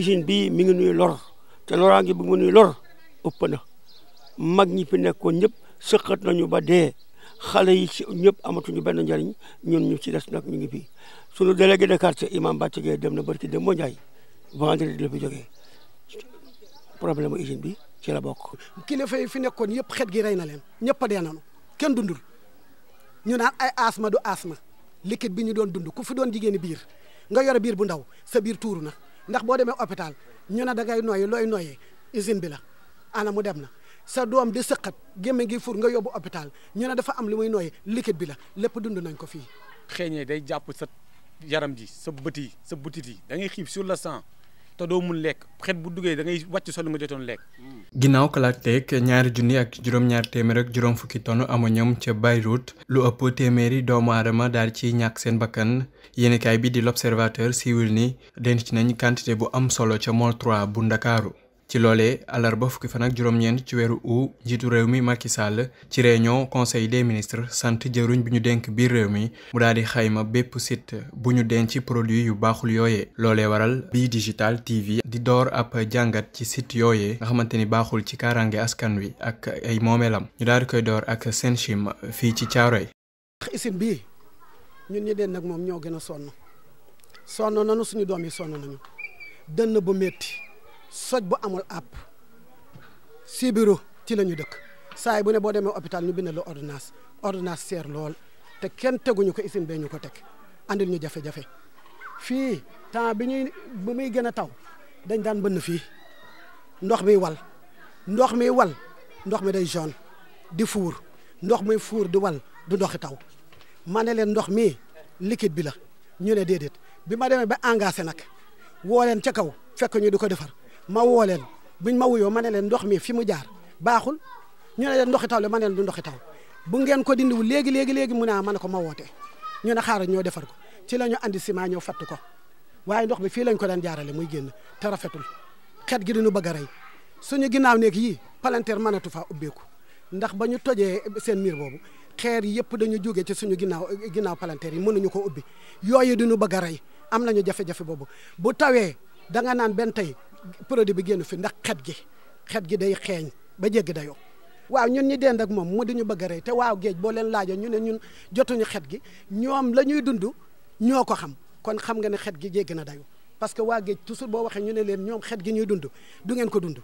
usine bii mi ngi nuy lor te loraange bi mu nuy lor ëpp mag ñi fi nekkoon ñëpp sëqat nañu ba dee xale yi ci ñëpp amatuñu benn njariñ ñun ñu ci des nag ñu ngi fi sunu délégué de dem na barki dem moo Njaay vendredi la fi jógee bi ci la kilifa yi fi nekkoon yëpp xet gi rey na leen ñëpp a dee kenn dundul ñu naan ay asma du asma liquide bi ñu doon dund ku fi doon jigéeni biir nga yore biir bu ndaw sa biir tuuru na. ndax boo demee hôpital ñu ne dangay ngay looy noyyi usine bi la ana mu dem na sa doom di sëqat gémme gi fur nga yóbbu hôpital ñu ne dafa am li muy noyyi liquide bi la lépp dund nañ ko fii. xeeñee day jàpp sa yaram ji sa bët yi sa butit yi da ngay xiif sur le sang. te doo mun lekk xet bu duggee da ngay wàcc sa lu nga jotoon lekk. ginnaaw kalaateeg ñaari junni ak juróom-ñaar téeméer ak juróom fukki tonn ammonium ca Beyrouth lu ëpp téeméeri doomu aadama daal ci ñàkk seen bakkan yéenekaay bi di l'observateur siiwil ni denc nañ quantité bu am solo ca Môle bu Ndakaaru. ci loolee àllarba fukki fan ak juróom-ñeent ci weeru août njiitu réew mi Macky Sall ci réunion conseil des ministres sant jëruñ bi ñu denk biir réew mi mu daal di xayma bépp site bu ñu denc produit yu baaxul yooyee loole waral bii digital TV di door ab jàngat ci site yooyee nga xamante ni baaxul ci kaaraange askan wi ak ay moomeelam ñu daal di koy door ak Senchim fii ci Thiaroye. ndax isin bii ñun ñi den nag moom ñoo gën a sonn sonn nañu suñu doom yi sonn nañu dënn soj bu amul àpp si bureau la ñu dëkk saa yi bu ne boo demee hôpital ñu bindal la ordonnance ordonnance seer lool te kenn teguñu ko isin bee ñu ko teg andil ñu jafe-jafe fii temps bi ñuy bi muy gën a taw dañ daan bënn fii ndox mi wal ndox mi wal ndox mi day jaune di fuur ndox mi fuur di wal du ndoxi taw ma ne leen ndox mi liquide bi la ñu ne déedéet bi ma demee ba engagé nag woo leen ca kaw fekk ñu di ko defar ma woo leen buñ ma wuyoo ma ne leen ndox mi fi mu jaar baaxul ñu ne leen ndoxi taw la ma ne leen du ndoxi taw bu ngeen ko dindiwul léegi léegi léegi mu ne ah ma ko ma woote ñu ne xaaral ñoo defar ko ci la ñu andi ciment ñëw fatt ko waaye ndox mi fii lañ ko daan jaarale muy génn te rafetul xet gi dañu bëgg rey suñu ginnaaw nekk yii palanteer mënatu faa ubbeeku ndax ba ñu tojee seen miir boobu xeer yëpp dañu jóge ci suñu ginnaaw ginnaaw palanteer yi mënuñu ko ubbi yooyu duñu bëgg rey am nañu jafe boobu bu tawee da nga naan benn tey produit bi génn fi ndax xet gi xet gi day xeeñ ba jégg dayoo waaw ñun ñi dend ak moom mu di ñu bëgg a rey te waaw géej boo leen laajoon ñu ne ñun jotuñu xet gi ñoom la ñuy dund ñoo ko xam kon xam nga ne xet gi jégg na dayo parce que waa géej toujours boo waxee ñu ne leen ñoom xet gi ñuy dund du ngeen ko dund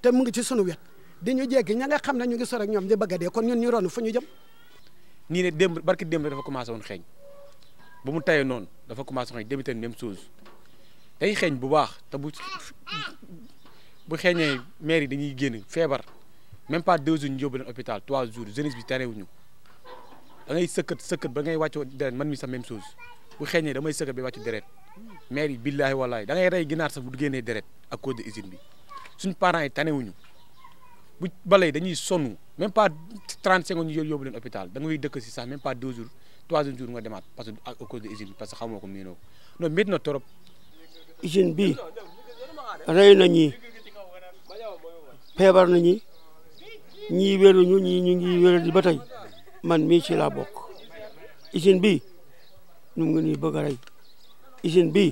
te mu ngi ci sunu wet di ñu jéggi ña nga xam ne ñu ngi sore ak ñoom di bëgg a dee kon ñun ñu ronu fu ñu jëm. nii ne démb barki démb dafa commencé woon xeeñ bu mu tayee noonu dafa commencé xeeñ démb itam même chose. day xeeñ bu baax te bu bu xeeñee maire yi dañuy génn feebar même pas deux jours ñu yóbbu leen hôpital trois jours jeunesse bi terewuñu da ngay sëkkat sëkkat ba ngay wàccu deret man mi sa même bu xeeñee damay sëkkat ba wàccu deret maire yi billaahi wallaahi ngay rey ginaar sax bu génnee deret a cause de usine bi suñ parents yi tanewuñu bu balay dañuy sonn même pas trente cinq ñu yóbbu leen hôpital da ngay dëkk si sax même pas deux jours trois jours nga demaat parce que de usine bi xamoo ko miinoo non métti na trop usine bii rey na ñi feebar na ñi ñii wéruñu ñi ñu ngi wéru di ba tey man mii ci laa bokk usine bii ñu ngi nuy bëgg a rey usine bi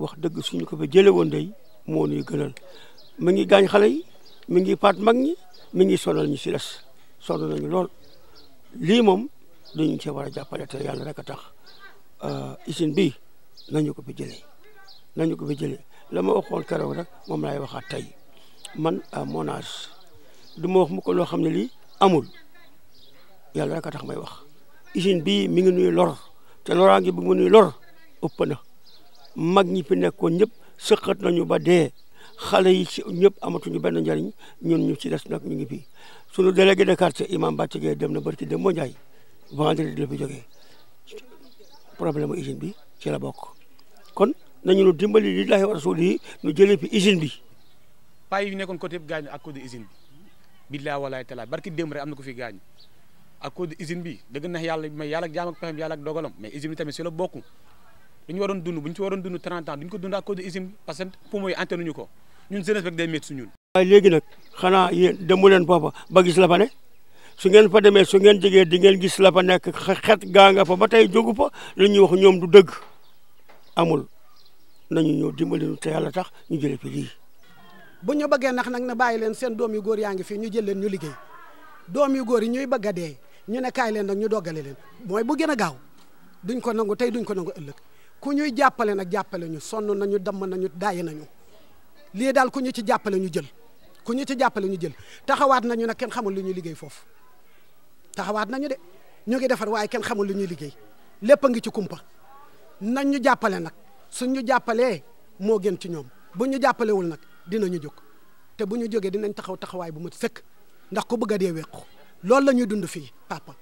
wax dëgg suñu ko fa jële woon day moo nuy gënal mi ngi gaañ xale yi mi ngi paat mag ñi mi ngi sonal ñi si des sonal nañu lool lii moom dañu cee war a jàppale te yàlla rek a tax euh, usine bi nañu ko fi jëlee nañu ko fi jëlee la ma waxoon keroog rek moom laay waxaat tey man a mon du ma wax mu ko loo xam ne lii amul yàlla rek a tax may wax usine bii mi ngi nuy lor te loraange bi mu nuy lor ëpp na mag ñi fi nekkoon ñëpp sëqat nañu ba dee xale yi ci ñëpp amatuñu benn njariñ ñun ñu ci des nag ñu ngi fi sunu délégué de quartier imam Bàcc Gueye dem na barki dem ba Ndiaye vendredi la fi jógee problème usine bi ci la bokk nañu nu dimbali lillahi wa rasuli yi nu jëlee fi usine bi paa yi nekkoon côté gaañu ak côté usine bi billaa walaay talaa barki démb rek am na ko fi gaañu ak côté usine bi dëgg na yàlla mais yàlla ak jaam ak pexem yàlla ak dogalam mais usine bi tamit si la bokk lu ñu waroon dund bu ñu ci waroon dund 30 ans duñ ko dund ak côté usine bi parce que poumon yi antenne ñu ko ñun jeunesse rek day métti su ñun waaye léegi nag xanaa yéen demu leen foofa ba gis la fa ne su ngeen fa demee su ngeen jegee di ngeen gis la fa nekk xet gaa nga ba tey jógu ñuy wax ñoom du dëgg amul nañu ñëw dimbali ñu te yàlla tax ñu jëlee fi lii. bu ñu bëggee nax nag ne bàyyi leen seen doom yu góor yaa ngi fii ñu jël leen ñu liggéey doom yu góor yi ñuy bagga dee ñu ne kaay leen nag ñu doggale leen mooy bu gën a gaaw duñ ko nangu tey duñ ko nangu ëllëg ku ñuy jàppale nag jàppale ñu sonn nañu damm nañu daay nañu lii daal ku ñu ci jàppale ñu jël ku ñu ci jàppale ñu jël taxawaat nañu nag kenn xamul lu ñuy liggéey foofu taxawaat nañu de ñu ngi defar waaye kenn xamul lu ñuy liggéey lépp a ngi ci kumpa nañ jàppale nag su ñu jàppalee moo gën ci ñoom bu ñu jàppalewul nag dinañu jóg te bu ñu jógee dinañ taxaw taxawaay bu mat sëkk ndax ko bëgg a dee wequ loolu la ñuy dund fii papa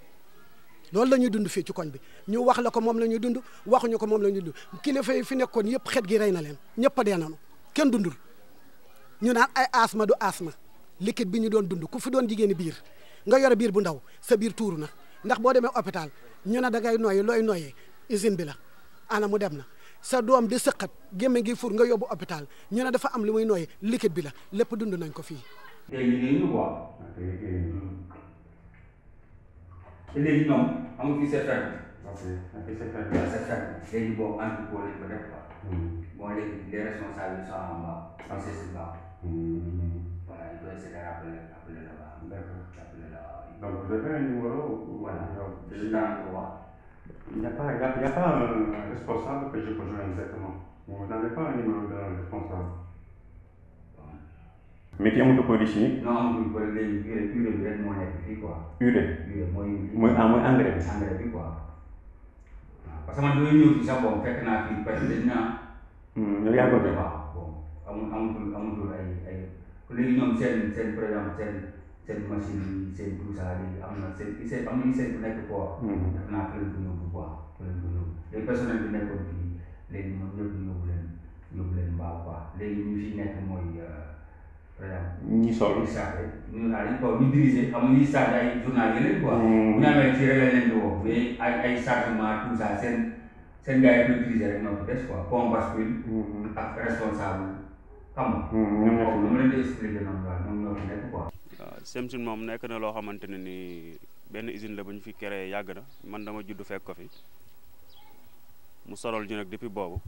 loolu la ñuy dund fii ci koñ bi ñu wax la ko moom la ñuy dund waxuñu ko moom la ñuy dund kilifa yi fi nekkoon yëpp xet gi rey na leen ñëpp a dee nañu kenn dundul ñu naan ay asma du asma liquide bi ñu doon dund ku fu doon jigéeni biir nga yore biir bu ndaw sa biir tuuru na ndax boo demee hôpital ñu ne da ngay nooyi looy nooyee usine bi la ana dem na sa doom di sëqat gémme ngi fur nga yóbbu hôpital ñu ne dafa am lu muy nooyee liquide bi la lépp dund nañ ko fii. léegi léegi ñoom amu fi certain. ok amu fi certain. waaw certain léegi boobu en tout cas lañ ko def quoi. bon hmm. léegi les responsables sont en bas. en cesse bas. Hmm, hmm, voilà il doit essayer de Il n'y a, pas, il y a, il y a pas responsable que je rejoins exactement. Vous n'avez pas un numéro d'un responsable. métier amul produit chimique. non amul produit léegi urée urée bi rek moo nekk fii quoi. urée urée mooy. mooy ah mooy engrais bi. engrais bi quoi. parce que man dama ñëw fii seen machine seen tout ça léegi am na seen seen am nañu seen bu nekk quoi. Hmm. def naa fële bu yóbbu quoi fële bu yóbbu léegi personnel bi nekkoon fii léegi ñoom ñëpp ñu yóbbu leen yóbbu leen mbaaw quoi léegi ñu fi nekk mooy euh, par exemple. ñi sol saare ñu aari ah, quoi ñu dirigé xam ñuy saare ay journal yeneen quoi. Hmm. ñu amee fii rek la leen di woo mais ay ay chargement tout ça seen seen gars yi ñu dirigé rek ñoo ko des quoi pont bascule. Hmm. ak responsable xam nga. ñoom ñoo ko ñoom ñoo ko ñoom ñoo ko nekk quoi. Euh, Semsun moom nekk na loo xamante ne ni benn usine la bu ñu fi créé yàgg na man dama juddu fekk ko fi mu soral ñu nag depuis boobu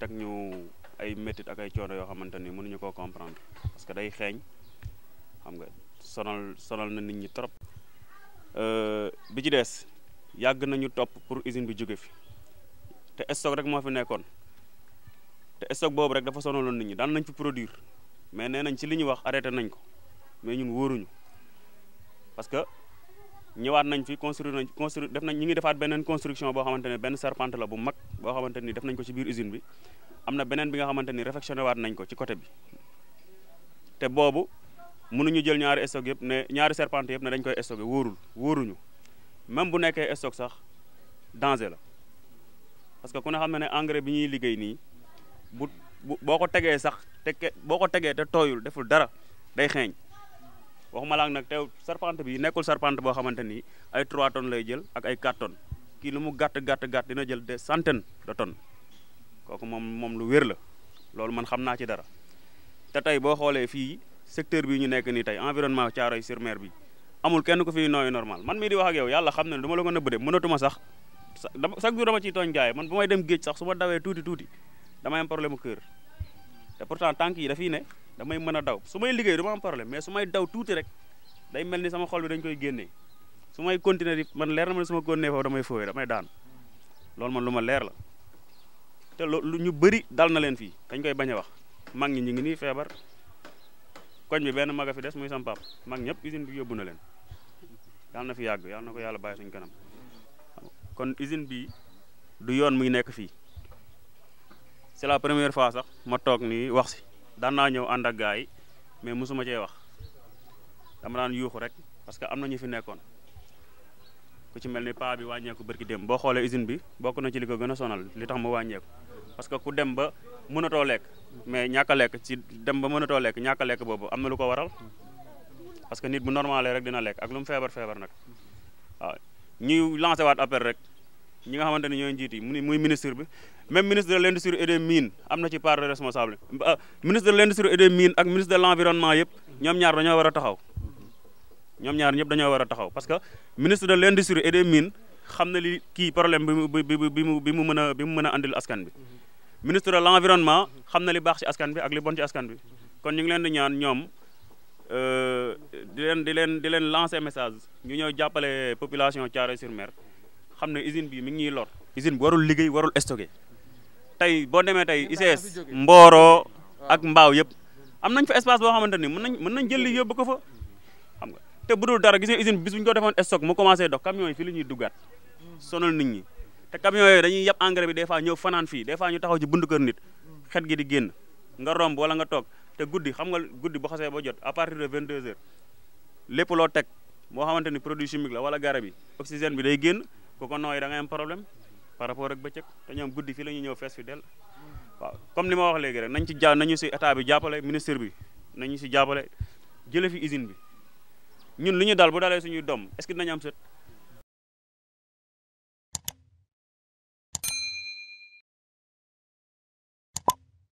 teg ñu ay métit ak ay coono yoo xamante ni mënuñu koo comprendre parce que day xeeñ xam nga sonal sonal na nit ñi trop. Euh, bi ci des yàgg nañu topp pour usine bi jóge fi te stock rek moo fi nekkoon te stock boobu rek dafa sonaloon nit ñi daan nañ fi produire mais nee nañ ci li ñu wax arrêté nañ ko. mais ñun wóoruñu parce que ñëwaat nañ fi construire nañ construire def nañ ñu ngi defaat beneen construction boo xamante ne benn serpente la bu mag boo xamante ni def nañ ko ci biir usine bi am na beneen bi nga xamante ni réfectionné waat nañ ko ci côté bi te boobu mënuñu jël ñaari stock yëpp ne ñaari serpente yëpp ne dañ koy stocké wóorul wóoruñu même bu nekkee stock sax danger la parce que ku ne xam ne ne engrais bi ñuy liggéey nii bu boo ko tegee sax te boo ko tegee te tooyul deful dara day xeeñ waxuma laak nag tew charpente bi nekkul charpente boo xamante ni ay 3 tonnes lay jël ak ay 4 tonnes kii lu mu gàtt gàtt gàtt dina jël des centaines de tonnes kooku moom moom lu wér la loolu man xam naa ci dara te tey boo xoolee fii secteur bi ñu nekk nii tey environnement Thiaroye sur Mer bi amul kenn ku fi nooyu normal man mii di wax ak yow yàlla xam ne du ma la ko nëbb de mënatuma sax chaque jour dama ciy tooñ gaay man bu may dem géej sax su ma dawee tuuti tuuti damay am problème mu te pourtant tànk yi dafiy ne damay mën a daw su may liggéey du ma am problème mais su may daw tuuti rek day mel ni sama xol bi dañ koy génnee su may continuer man leer na ma ne su damay fooyee damay daan loolu man lu ma leer la te lu ñu bëri dal na leen fii dañ koy bañ a wax mag ñi ñu ngi nii feebar koñ bi benn mag a fi des muy sam pap mag ñëpp usine bi yóbbu na leen yàlla na fi yàgg yàlla na ko yàlla bàyyi suñ kanam kon usine bi du yoon muy nekk fii c'est la première fois sax ma toog nii wax si daan naa ñëw ànd ak gars yi mais mosuma cee wax dama daan yuuxu rek parce que am na ñu fi nekkoon ku ci mel ni paa bi wàññeeku bërki dem boo xoolee usine bi bokk na ci li ko gën sonal li tax mu wàññeeku parce que ku dem ba mënatoo lekk mais ñàkk lekk ci dem ba mënatoo lekk ñàkk lekk boobu am na lu ko waral parce que nit bu normalee rek dina lekk ak lu feebar feebar nag waaw ñuy lancé waat appel rek ñi nga xamante ni ñooy njiit yi muy ministre bi même ministre de l' industrie et des am na ci part de responsable euh, ministre de l' industrie et ak ministre de l' environnement yëpp ñoom ñaar dañoo war a taxaw ñoom ñaar ñëpp dañoo war a taxaw parce que ministre de l' industrie des mines xam na li kii problème bi mu bi mu bi mu mën a bi mu mën a andil askan bi ministre de environnement xam na li baax si askan bi ak li bon ci askan bi kon ñu ngi leen di ñaan ñoom euh, di leen di leen di leen lancer message ñu ñëw jàppale population Thiaroye sur Mer xam na usine bi mi ngi ñuy lor usine bi warul liggéey warul stocké tey boo demee tey ICS mbooroo ak Mbaaw yëpp am nañ fa espace boo xamante ni mën nañ mën nañ jël li yóbbu ko fa xam nga te bu dul dara gis nga usine bis bu ñu ko defoon stock mu commencé dox camion yi fii la ñuy duggaat sonal nit ñi te camion yooyu dañuy yab engrais bi des fois ñëw fanaan fii des fois ñu taxaw ci buntu kër nit gi di génn nga romb wala nga toog te guddi xam nga guddi boo xasee boo jot à partir de 22 heures lépp loo teg moo xamante ni produit chimique la wala garab yi oxygène bi day génn ku ko nooy da ngay am par rapport ak bëccëg te ñoom guddi fii la ñu ñëw fees fi dell waaw comme li ma wax léegi rek nañ ci ja nañu si état bi jàppale ministre bi nañu si jàppale jële fi usine bi ñun lu ñu dal bu dalee suñuy doom est que dinañ am sët